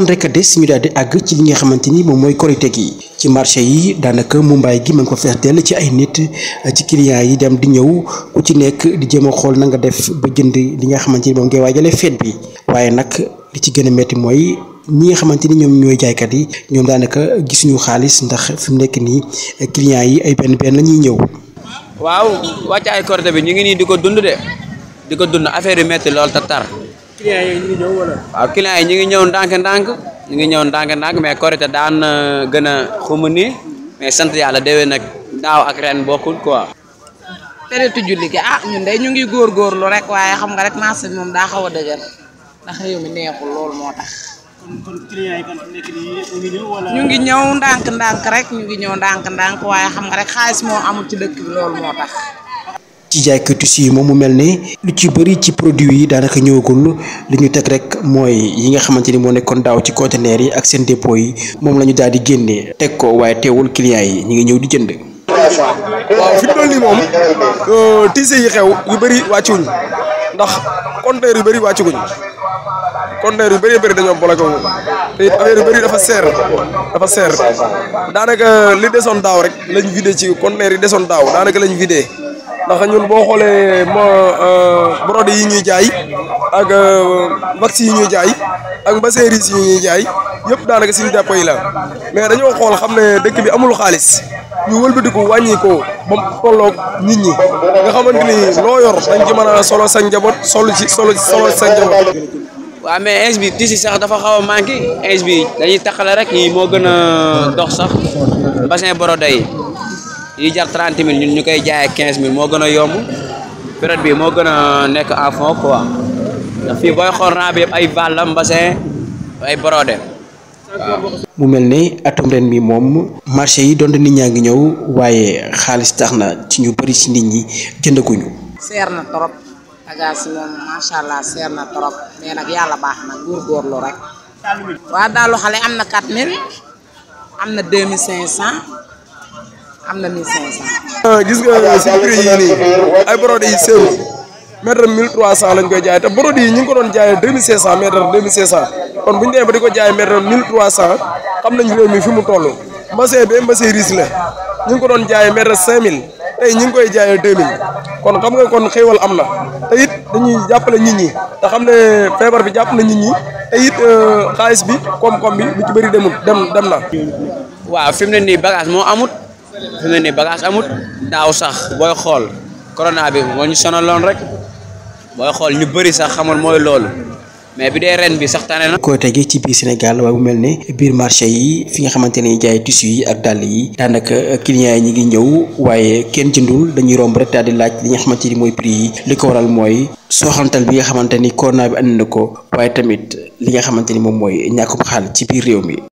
fan rek a des ñu daal di àgg ci li nga xamante ni moom mooy korite gi ci marché yi daanaka mumbaay gi ma ngi ko fees dell ci ay nit ci clients yi dem di ñëw ku ci nekk di jéem a xool na nga def ba jënd li nga xamante ni moom ngay waajale feet bi waaye nag li ci gën a métti mooy ñi nga xamante ni ñoom ñooy jaaykat yi ñoom daanaka gisuñu xaalis ndax fi mu nekk nii clients yi ay benn benn la ñuy ñëw. waaw wàcc ay korite bi ñu ngi nii di ko dund de di ko dund affaire yu métti lool te tar client yi ñu ngi ñëw wala. waaw client ñu ngi ñëw ndànk-ndànk ñu ngi ñëw daan gën a xuma nii mais sant yàlla déwén nag daaw ak ren bokkul quoi. période julli ki ah ñun de ñu ngi góorgóorlu rek waaye xam nga rek marché bi moom daa xaw a dëgër ndax réew mi neexul loolu moo tax. ñu ngi ñëw ndànk-ndànk rek ñu ngi ñëw ndànk-ndànk waaye xam nga rek xaalis moo amul ci dëkk bi loolu moo tax. ci jaaykat tissu yi moom mu mel ni lu ci bëri ci produit yi daanaka ñëwagul li ñu teg rek mooy yi nga xamante ni moo nekkoon daaw ci conteneur yi ak seen dépôt yi moom la ñu daal di génne teg ko waaye teewul yi ñu ngi ñëw di moom euh, tissu yi xew yu bëri wàccuñ ndax conteneur yu bëri wàccuguñ. conteneur yu bëri bari dañoo bloqué wu te affaire yu bëri dafa seer dafa seer daanaka li desoon daaw rek lañ vidé ci conteneur yi desoon daaw daanaka lañ vidé ndax ñun boo xoolee mo brode euh, yi ñuy jaay ak wax euh, yi ñuy jaay ak mbaseeris yi ñuy jaay yëpp daanaka suñu jàpp yi la mais dañoo xool xam ne dëkk bi amul xaalis ñu wëlbatiku wàññi ko ba mu tolloog nit ñi nga xamante ni loo yor dañ ci solo sa njaboot solo ci solo solo sa njaboot. waaw mais ins bi tisi sax dafa xaw a manqué ins bi dañuy taxale rek yi moo gën a dox sax bassin brode yi. yi jar trente mille ñun ñu koy jaayee quinze mille moo gën a yomb période bi moo gën a nekk à fond quoi ndax booy xool bi ay valla mbasin ay brodé waaw. mu mel ne atum ren bi moom marché yi donte nit ñaa ngi ñëw waaye xaalis tax na ci ñu bëri ci nit ñi jëndaguñu. seer na trop bagage moom macha allah seer na trop mais nag yàlla baax na góorgóorlu rek. waa daalu xale am na quatre mille am na deux mille cinq cent am na 1500. Ah, gis nga si prix yi nii ay produits yi seeru mètre 1300 lañ koy jaay te produits yi ñu ngi ko doon jaayee 2500 mètre 2500 kon bu ñu demee ba ko jaayee mètre 1300 xam nañ réew mi fi mu toll. mbasee bee mbasee riis la ñu ngi ko doon jaayee mètre 5000 tey ñu ngi koy jaayee 2000 kon xam nga kon xéewal am na te it dañuy jàppale nit ñi te xam ne feebar bi jàpp na nit ñi te it euh, xaalis bi koom-koom bi lu ci bëri demul dem dem na. waa fi mu ne nii bagage moo amut. fi mu ne amut daaw sax booy xool corona bi moo ñu sonaloon rek booy xool ñu bari sax xamul mooy loolu mais bi dee ren bi sax tane na. côté gi ci biir Sénégal waaye bu mel ne biir marché yi fi nga xamante ni jaay tissu yi ak dàll yi daanaka clients yi ñu ngi ñëw waaye kenn jëndul dañuy romb rek daal di laaj li nga xamante ni mooy prix yi li ko waral mooy sooxantal bi nga xamante ni corona bi andi na ko waaye tamit li nga xamante ni moom mooy ñàkkum xaalis ci biir réew mi.